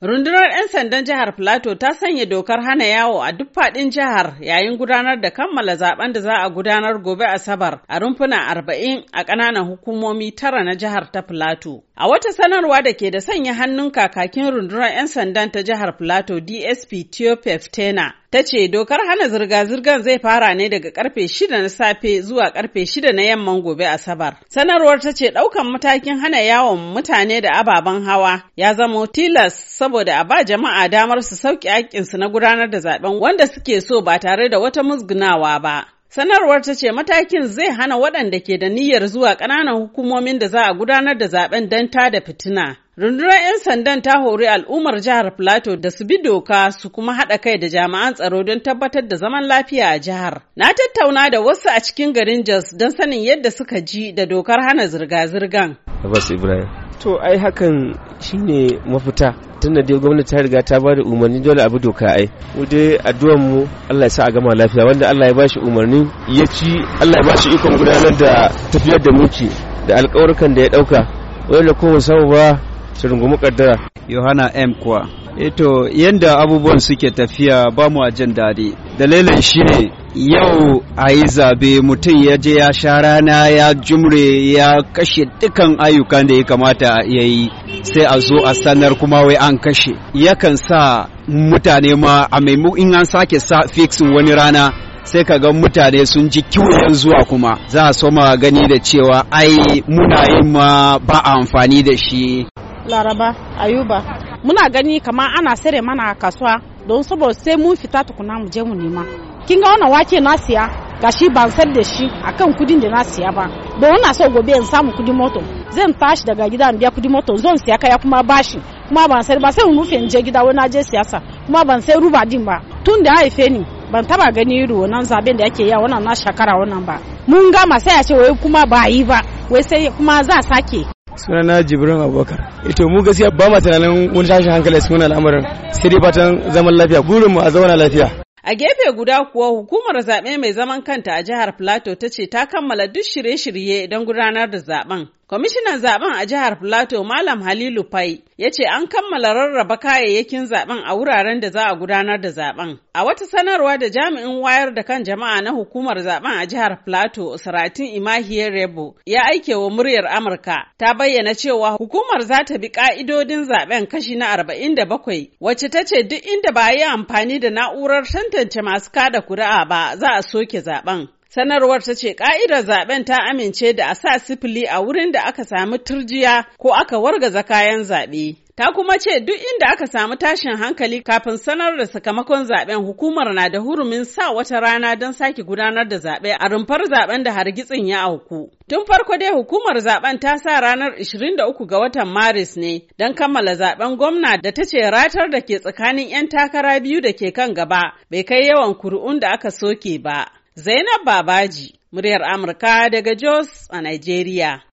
Rundunar 'yan sandan jihar Plateau ta sanya dokar hana yawo a duk faɗin jihar yayin gudanar da kammala zaben da za a gudanar gobe Asabar a rumfuna arba'in a ƙananan hukumomi tara na jihar ta Plateau. A wata sanarwa da ke da sanya hannun kakakin rundunar 'yan sandan ta jihar Filato DSP Theopef Tena ta ce dokar hana zirga-zirgar zai fara ne daga karfe shida na safe zuwa karfe shida na yamman gobe Asabar. Sanarwar ta ce daukan matakin hana yawon mutane da ababen hawa ya zama tilas saboda a ba jama'a damar su sauke haƙƙinsu na gudanar da zaben wanda suke so ba tare da wata musgunawa ba. Sanarwar ta ce matakin zai hana waɗanda ke da niyyar zuwa ƙananan hukumomin da za a gudanar da zaben don ta da fitina. Rundunar 'yan sandan ta hori al'ummar jihar Plateau da su bi doka su kuma haɗa kai da jami'an tsaro don tabbatar da zaman lafiya a jihar. Na tattauna da wasu a cikin garin Jos don sanin yadda suka ji da dokar hana zirga-zirgan. Abbas Ibrahim. To ai hakan shine mafita tun da dai gwamnati ta riga ta ba da umarni dole abu doka ai mu dai addu'an mu Allah ya sa a gama lafiya wanda Allah ya ba shi umarni ya ci Allah ya ba shi ikon gudanar da tafiyar da muke da alƙawarkan da ya ɗauka wanda ko samu ba su rungumi kaddara Yohana M kuwa eto eh yanda abubuwan suke tafiya ba mu a jin daɗi dalilin shi ne yau a yi zabe mutum ya je ya sha rana ya jumre ya kashe dukan ayyukan da ya kamata ya yi sai a zo a sanar kuma wai an kashe yakan sa mutane ma a maimakon in an sake sa fixin wani rana sai ka ga mutane sun ji kiwon zuwa kuma za a soma gani da cewa ai muna yi ma ba amfani da shi laraba ayuba muna gani kamar ana sare mana kasuwa don saboda sai mun fita tukuna mu je mu nema kin ga wannan wake na siya gashi ban san da shi akan kudin da na siya ba don ina so gobe in samu kudin moto zan tashi daga gida in biya kudin moto zan siya kaya kuma bashi kuma ban san ba sai in rufe in je gida wani je siyasa kuma ban sai ruba din ba tun da haife ni ban taba gani irin wannan zaben da yake yawa wannan na shakara wannan ba mun gama sai a ce wai kuma ba yi ba wai sai kuma za sake sunana jibrin abubakar ito mu gaskiya ba ma tunanin wani tashin hankali suna cikin al'amarin sai dai fatan zaman lafiya burin mu a zauna lafiya A gefe guda kuwa hukumar zaɓe mai zaman kanta a jihar Plateau ta ce ta kammala duk shirye-shirye don gudanar da zaɓen. Kwamishinan zaben a jihar Plateau Malam Halilu Fai ya ce an kammala rarraba kayayyakin zaben a wuraren da za a gudanar da zaben. A wata sanarwa da jami'in wayar da kan jama'a na hukumar zaben a jihar Plateau Saratin Imahiyar Rebo ya aike wa muryar Amurka ta bayyana cewa hukumar za ta bi ka'idodin zaben kashi na arba'in da bakwai, wacce ta ce duk inda ba a yi amfani da na'urar tantance masu kada kuri'a ba za a soke zaben. Sanarwar ta ce ka'idar zaben ta amince da a sa sifili a wurin da aka samu turjiya ko aka wargaza kayan zaɓe. Ta kuma ce duk inda aka samu tashin hankali kafin sanar da sakamakon zaben hukumar na da hurumin sa wata rana don sake gudanar da zaɓe a rumfar zaben da hargitsin ya auku. Tun farko dai hukumar zaben ta sa ranar 23 ga watan Maris ne don kammala zaben gwamna da ta ce ratar da ke tsakanin 'yan takara biyu da ke kan gaba bai kai yawan kuri'un da aka soke ba. Zainab Babaji, muryar Amurka daga Jos a Nigeria.